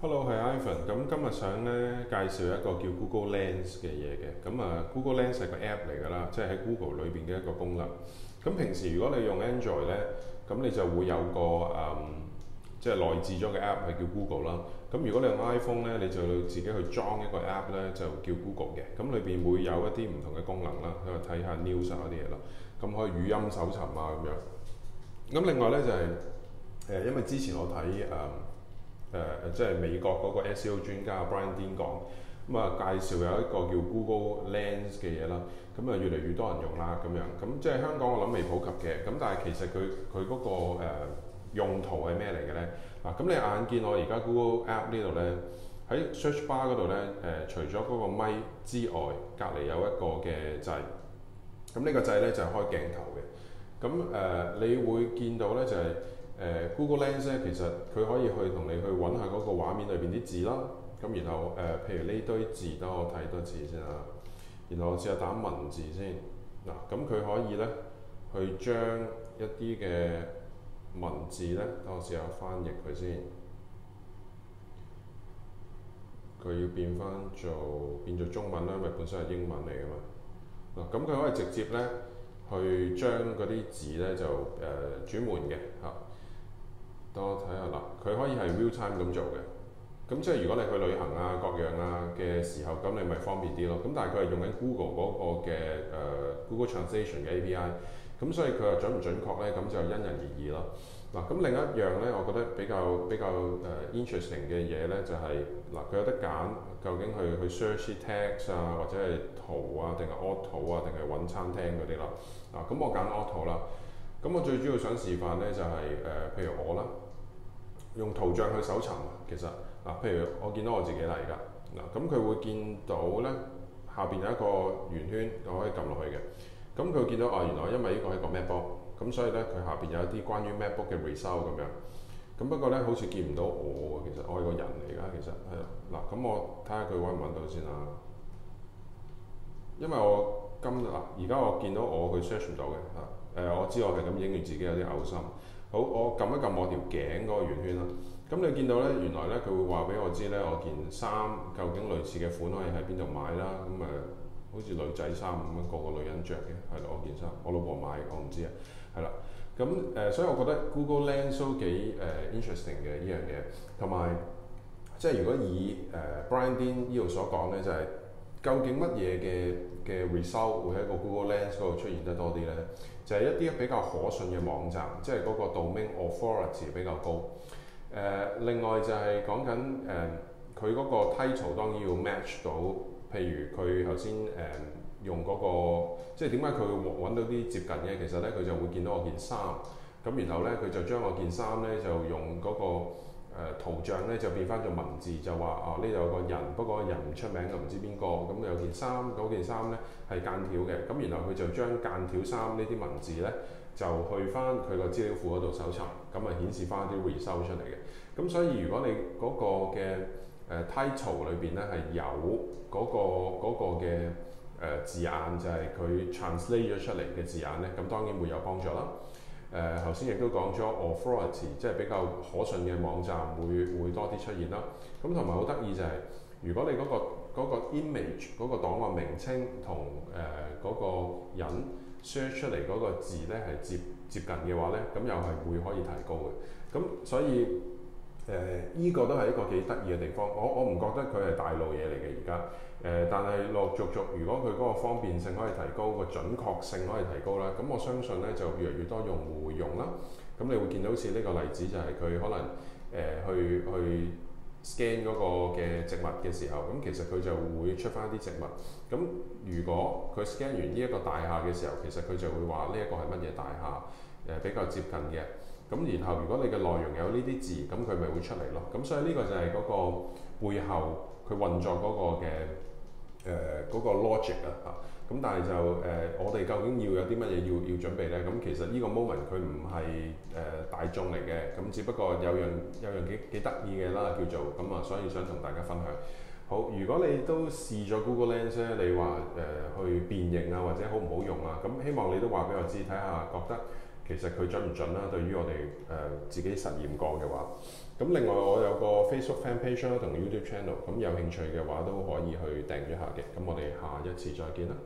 Hello，係 Ivan。咁今日想咧介紹一個叫 Google Lens 嘅嘢嘅。咁啊，Google Lens 係個 app 嚟㗎啦，即係喺 Google 裏邊嘅一個功能。咁平時如果你用 Android 咧，咁你就會有個誒，即係內置咗個 app 係叫 Google 啦。咁如果你用 iPhone 咧，你就自己去裝一個 app 咧，就叫 Google 嘅。咁裏邊會有一啲唔同嘅功能啦，咁啊睇下 news 啊啲嘢咯。咁可以語音搜尋啊咁樣。咁另外咧就係誒，因為之前我睇誒。誒、呃、即係美國嗰個 SEO 專家 Brian Dean 講，咁、嗯、啊、嗯、介紹有一個叫 Google Lens 嘅嘢啦，咁、嗯、啊越嚟越多人用啦，咁樣，咁、嗯、即係香港我諗未普及嘅，咁、嗯、但係其實佢佢嗰個、呃、用途係咩嚟嘅咧？嗱、啊，咁、嗯、你眼見我而家 Google App 呢度咧，喺 search bar 嗰度咧，誒、呃、除咗嗰個咪之外，隔離有一個嘅掣。咁、嗯、這個、呢個掣咧就係、是、開鏡頭嘅，咁、嗯、誒、呃、你會見到咧就係、是。誒、uh, Google Lens 咧，其實佢可以去同你去揾下嗰個畫面裏邊啲字啦。咁然後誒、呃，譬如呢堆字，等我睇多字先啊。然後我試下打文字先嗱，咁佢可以咧去將一啲嘅文字咧，等我試下翻譯佢先。佢要變翻做變做中文啦，因為本身係英文嚟嘅嘛。嗱，咁佢可以直接咧去將嗰啲字咧就誒轉換嘅嚇。呃多睇下啦，佢可以係 real time 咁做嘅，咁即係如果你去旅行啊各樣啊嘅時候，咁你咪方便啲咯。咁但係佢係用緊 Google 嗰個嘅誒 Google Translation 嘅 API，咁所以佢又準唔準確咧？咁就因人而異咯。嗱，咁另一樣咧，我覺得比較比較誒 interesting 嘅嘢咧，就係嗱，佢有得揀，究竟去去 search text 啊，或者係圖啊，定係 auto 啊，定係揾餐廳嗰啲啦。嗱，咁我揀 auto 啦。咁我最主要想示範咧就係、是、誒、呃，譬如我啦，用圖像去搜尋，其實嗱，譬如我見到我自己喇，而家，嗱，咁佢會見到咧，下邊有一個圓圈，我可以撳落去嘅，咁佢見到哦、啊，原來因為呢個係個 MacBook，咁所以咧佢下邊有一啲關於 MacBook 嘅 result 咁樣。咁不過咧好似見唔到我其實我係個人嚟㗎，其實係嗱，咁我睇下佢揾唔揾到先啊，因為我。咁嗱，而家我見到我佢 search 唔到嘅，啊、呃，誒我知我係咁影完自己有啲嘔心。好，我撳一撳我條頸嗰個圓圈啦。咁你見到咧，原來咧佢會話俾我知咧，我件衫究竟類似嘅款可以喺邊度買啦？咁誒、呃，好似女仔衫咁樣，個個女人着嘅，係啦，我件衫，我老婆買，我唔知啊。係啦，咁誒、呃，所以我覺得 Google Lens 都幾、呃、interesting 嘅呢樣嘢，同埋即係如果以誒、呃、Brian Dean 呢度所講咧，就係、是。究竟乜嘢嘅嘅 result 會喺個 Google Lens 度出現得多啲呢？就係、是、一啲比較可信嘅網站，即係嗰個 domain authority 比較高。呃、另外就係講緊誒，佢、呃、嗰個 title 當然要 match 到。譬如佢頭先誒用嗰、嗰個，即係點解佢會揾到啲接近嘅？其實呢，佢就會見到我件衫。咁然後呢，佢就將我件衫呢，就用嗰、嗰個。誒圖像咧就變翻做文字，就話啊呢度有個人，不過人唔出名嘅，唔知邊個。咁有件衫，嗰件衫咧係間條嘅。咁然後佢就將間條衫呢啲文字咧，就去翻佢個資料庫嗰度搜尋，咁啊顯示翻啲 research 出嚟嘅。咁所以如果你嗰個嘅誒、呃、title 裏邊咧係有嗰、那個嘅誒、那個呃、字眼，就係、是、佢 translate 咗出嚟嘅字眼咧，咁當然會有幫助啦。誒頭先亦、呃、都講咗 authority，即係比較可信嘅網站會會多啲出現啦。咁同埋好得意就係、係，如果你嗰、嗰個嗰個 image 嗰個檔案名稱同誒嗰個人 search 出嚟嗰個字咧係接接近嘅話咧，咁又係會可以提高嘅。咁所以。誒，依個都係一個幾得意嘅地方，我我唔覺得佢係大路嘢嚟嘅而家。誒、呃，但係陸續續，如果佢嗰個方便性可以提高，個準確性可以提高咧，咁我相信咧就越嚟越多用戶會用啦。咁你會見到好似呢個例子就係佢可能誒、呃、去去 scan 嗰個嘅植物嘅時候，咁其實佢就會出翻一啲植物。咁如果佢 scan 完呢一個大廈嘅時候，其實佢就會話呢一個係乜嘢大廈，誒、呃、比較接近嘅。咁然後，如果你嘅內容有呢啲字，咁佢咪會出嚟咯。咁所以呢個就係嗰個背後佢運作嗰個嘅誒嗰個 logic 啊。咁但係就誒、呃，我哋究竟要有啲乜嘢要要準備咧？咁其實呢個 moment 佢唔係誒、呃、大眾嚟嘅，咁只不過有樣有樣幾幾得意嘅啦，叫做咁啊，所以想同大家分享。好，如果你都試咗 Google Lens 咧，你話誒去變形啊，或者好唔好用啊？咁希望你都話俾我知，睇下覺得。其實佢準唔準啦？對於我哋誒、呃、自己實驗過嘅話，咁另外我有個 Facebook fan page 啦同 YouTube channel，咁有興趣嘅話都可以去訂閱下嘅。咁我哋下一次再見啦！